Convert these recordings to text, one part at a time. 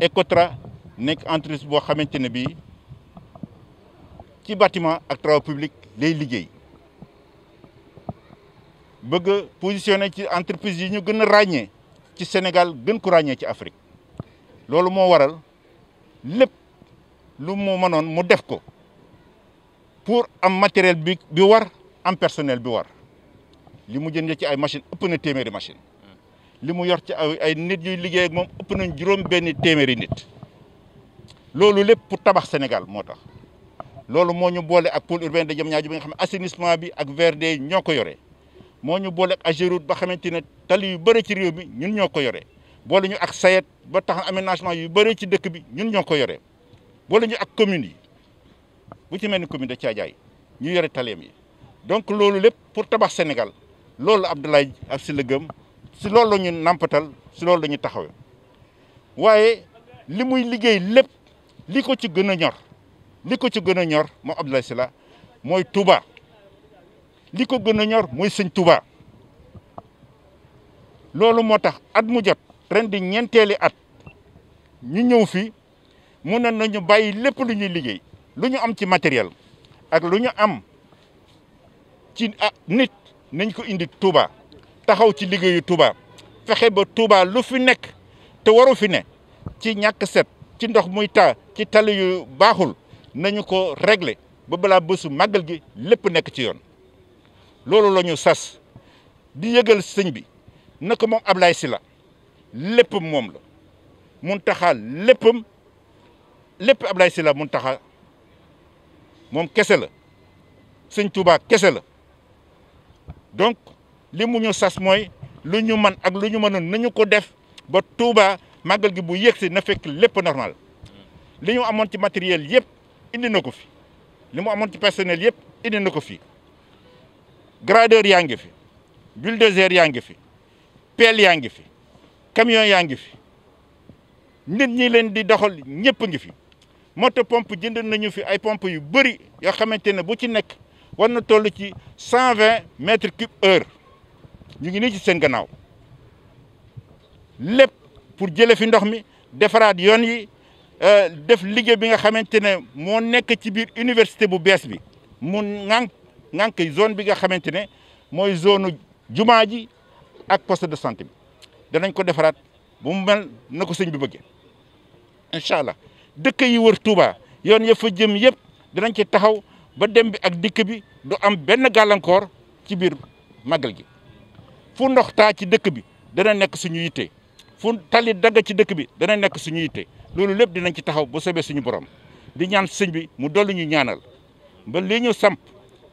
Ecotra nekk entreprise boo xamante ne bii ci bâtiment ak travaux publics lay liggéey bëgg a ci entreprise yi ñu gën a ràññee ci Sénégal gën ko ràññee ci Afrique loolu moo waral lépp lu mu mënoon mu def ko pour am matériel bi bi war am personel bi war li mu jën jënd ci ay machine ëpp na téeméeri machine li mu yor ci ay nit yuy liggéey ak moom ëpp nañ juróom benn téeméeri nit loolu lépp pour tabax Sénégal moo tax loolu moo ñu boole ak pôle urbain de Diamniadio bi nga xam ne assainissement bi ak VRD ñoo ko yore moo ñu boole ak Ageroute ba xamante ne tali yu bëri ci réew mi ñun ñoo ko yore boole ñu ak sayet ba tax aménagement yu bëri ci dëkk bi ñun ñoo ko yore boole ñu ak communes yi bu ci mel ni commune de Thiadiaye ñu yore taleem yi donc loolu lépp pour tabax Sénégal loolu Abdoulaye ak si la gëm si loolu la ñu nampatal si loolu la ñu taxaw waaye li muy liggéey lépp li ko ci gën a ñor li ko ci gën a ñor moom Abdoulaye la mooy Touba li ko gën a ñor mooy sëñ Touba loolu moo tax at mu jot ren di ñeenteeli at ñu ñëw fi mu ne nañu bàyyi lépp lu ñuy liggéey lu ñu am ci matériel ak lu ñu am ci ah nit nañ ko indi Touba taxaw ci liggéeyu Touba fexe ba Touba lu fi nekk te waru fi ne ci ñàkk set ci ndox muy taa ci tali yu baaxul nañu ko regle ba balaa bésu màggal gi lépp nekk ci yoon loolu lañu ñu sas di yëgal sëñ bi naka moom Ablaye Sylla léppam moom la Mountakha léppam lépp Ablaye mun Mountakha moom kese la sëñ Touba kese la li mu ñu sas mooy lu ñu man ak lu ñu mënoon nañu ko def ba Touba màggal gi bu yegsi na fekk lépp normal li ñu amoon ci matériel yëpp indi na ko fi li mu amoon ci personnel yëpp indi na ko fi gradeur yaa ngi fi des bulldozer yaa ngi fi pelle yaa ngi fi camion yaa ngi fi nit ñi leen di doxal ñëpp ngi fi moto pompe jënd nañu fi ay pompe yu bëri yoo xamante ne bu ci nekk war na toll ci cent vingt mètres cube heure ñu ngi nii ci seen gannaaw lépp pour jëlee fi ndox mi defaraat yoon yi euh, def liggéey bi nga xamante ne moo nekk ci biir université bu bees bi mu ŋànk ŋànk zone bi nga xamante ne mooy zone jumaa ji ak poste de santé bi danañ ko defaraat bu mel na ko sëñ bi bëggee incha allah dëkk yi wër Touba yoon ya fa jëm yëpp danañ ci taxaw ba dem bi ak dikk bi du am benn gàllankoor ci biir màggal gi fu ndox taa ci dëkk bi dana nekk suñu yitte fu tali dagg ci dëkk bi dana nekk suñu yitte loolu lépp dinañ ci taxaw bu sobee suñu borom di ñaan sëñ bi mu dolli ñu ñaanal ba lii ñu samp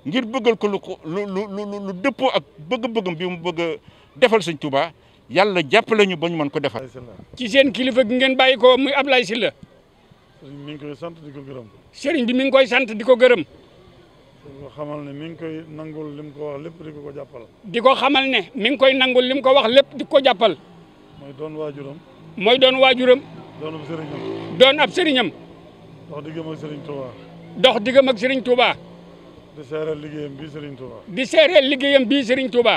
ngir bëggal ko lu lu lu lu dëppoo ak bëgg-bëggam bi mu bëgg defal sëñ tubaa yàlla jàppale ñu ba mën ko defal. ci seen kilifa gi ngeen bàyyi ko muy Ablaye lay sëriñ bi mi ngi gërëm. sëriñ bi mi ngi koy sant di ko gërëm. ko xamal ne mi ngi koy nangul lim ko wax lépp di ko ko jàppal. di ko xamal ne mi ngi koy nangul lim ko wax lépp di ko jàppal. mooy doon waajuram. mooy doon waajuram. doon ab sëriñam. doon ab sëriñam. dox diggam ak sëriñ Touba. dox diggam ak sëriñ Touba. di seereel liggéeyam bii sëriñ Touba. di seereel liggéeyam bii sëriñ Touba.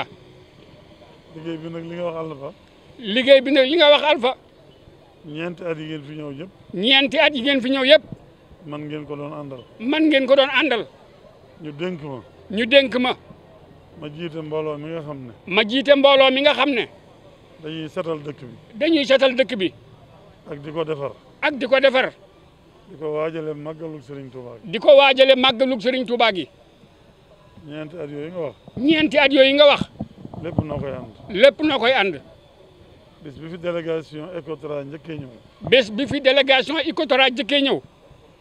liggéey bi nag li nga wax alfa. liggéey bi nag li nga wax alfa. ñeenti at yi ngeen fi ñëw yëpp. ñeenti at yi ngeen fi ñëw yëpp. man ngeen ko doon àndal. man ngeen ko doon àndal. ñu dénk ma. ñu dénk ma. ma jiite mbooloo mi nga xam ne. ma jiite mbooloo mi nga xam ne. dañuy setal dëkk bi. dañuy setal dëkk bi. ak di ko defar. ak di ko defar. di ko waajale màggalug Serigne Touba gi. di ko waajale màggalug Serigne Touba gi. ñeenti at yooyu nga wax. ñeenti at yooyu nga wax. lépp noo koy ànd. lépp na koy ànd. bis bi fi délégation ECOTRA njëkkee ñëw. bis bi fi délégation ECOTRA njëkkee ñëw.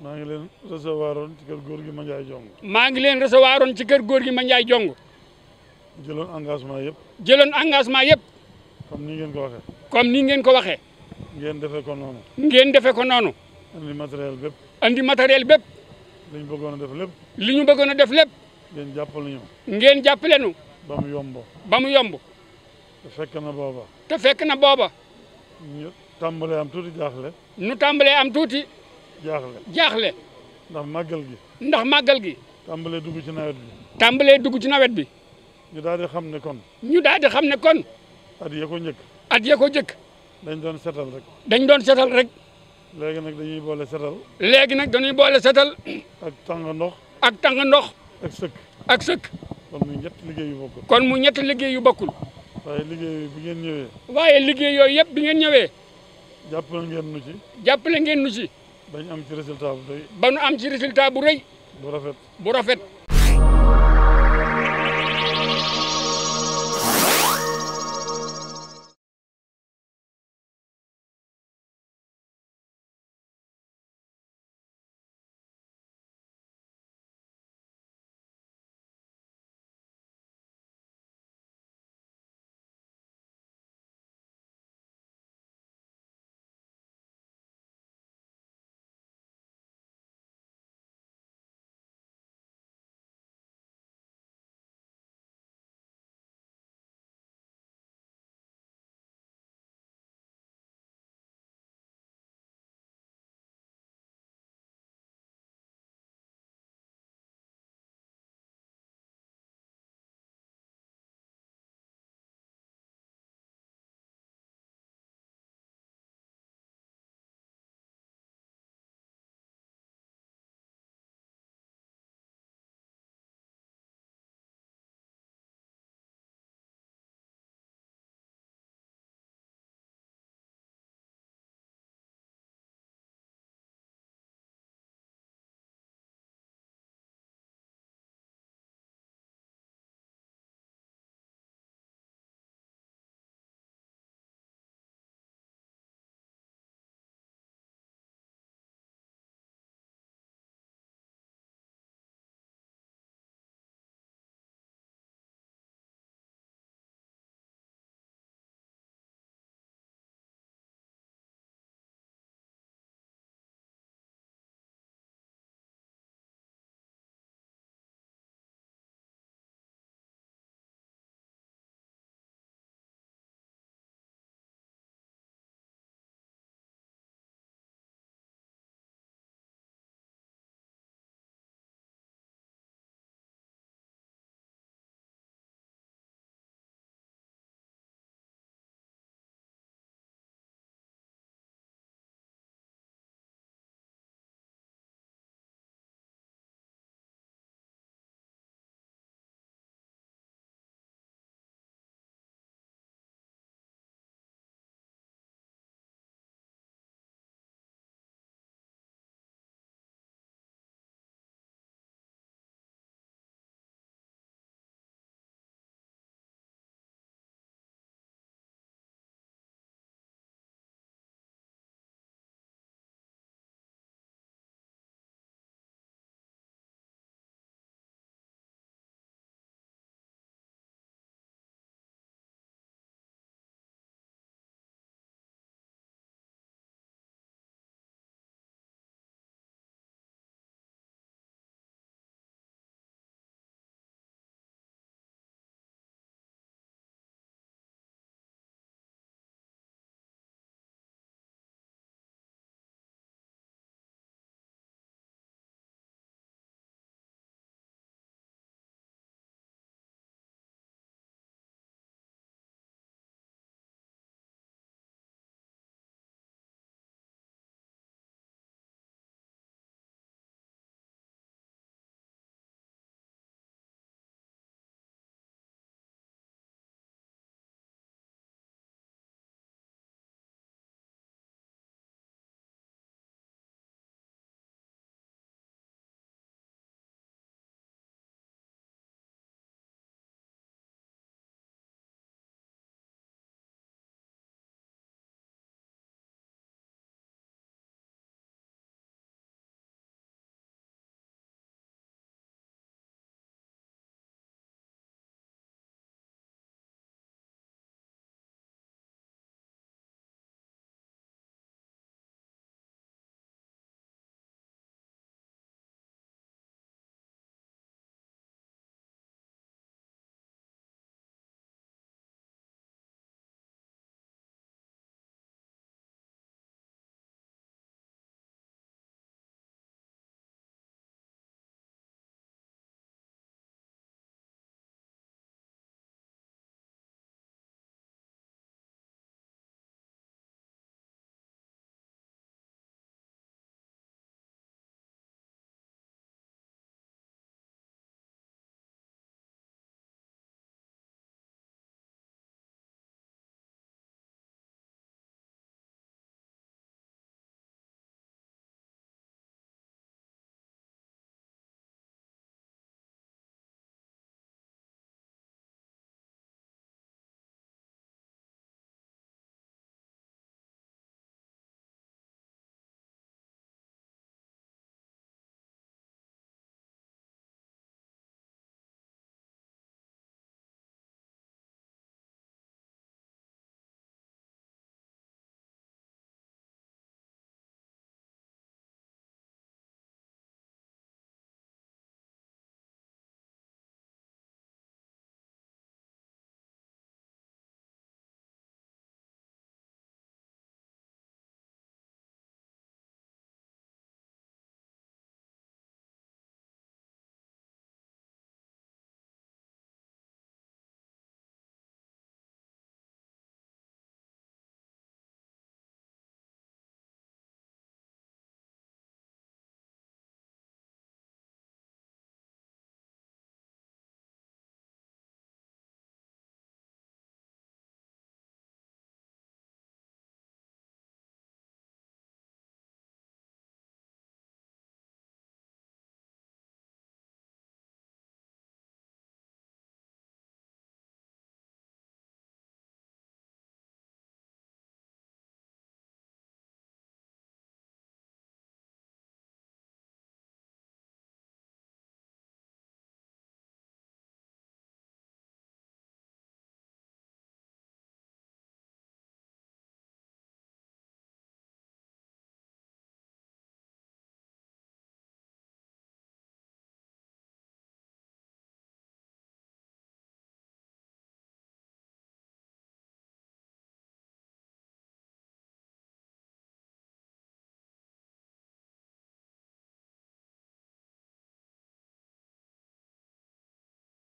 maa ngi leen recevoir woon ci kër góor gi ma Ndiaye Jong. maa ngi leen recevoir ci kër góor gi ma Ndiaye Jong. jëloon engagement yëpp. jëloon engagement yëpp. comme ni ngeen ko waxee. comme nii ngeen ko waxee. ngeen defee ko noonu. ngeen defee ko noonu. andi matériel bépp. andi matériel bépp. li ñu bëggoon a def lépp. li ñu bëggoon a def lépp. ngeen jàppale ñu. ngeen jàppale ñu. ba mu yomb. ba mu yomb. te fekk na booba. te fekk na booba. ñu tàmbalee am tuuti jaaxle. ñu tàmbalee am tuuti. jaaxle jaaxle. ndax màggal gi. ndax màggal gi. tàmbalee dugg ci nawet bi. tàmbalee dugg ci nawet bi. ñu daal di xam ne kon. ñu daal di xam ne kon. at ya ko njëkk. njëkk. dañ doon setal rek. dañ doon setal rek. léegi nag dañuy boole setal. léegi nag dañuy boole setal. ak tàng ndox. ak tàng ndox. ak sëkk. ak sëkk. kon mu ñett liggéey yu kon mu ñett liggéey yu bokkul. waaye bi ngeen ñëwee. waaye liggéey yooyu yëpp bi ngeen ñëwee. jàppale ngeen nu ci. jàppale ngeen nu ci. bañ am ci résultat bu rëy. ba am ci résultat bu rëy. bu rafet bu rafet.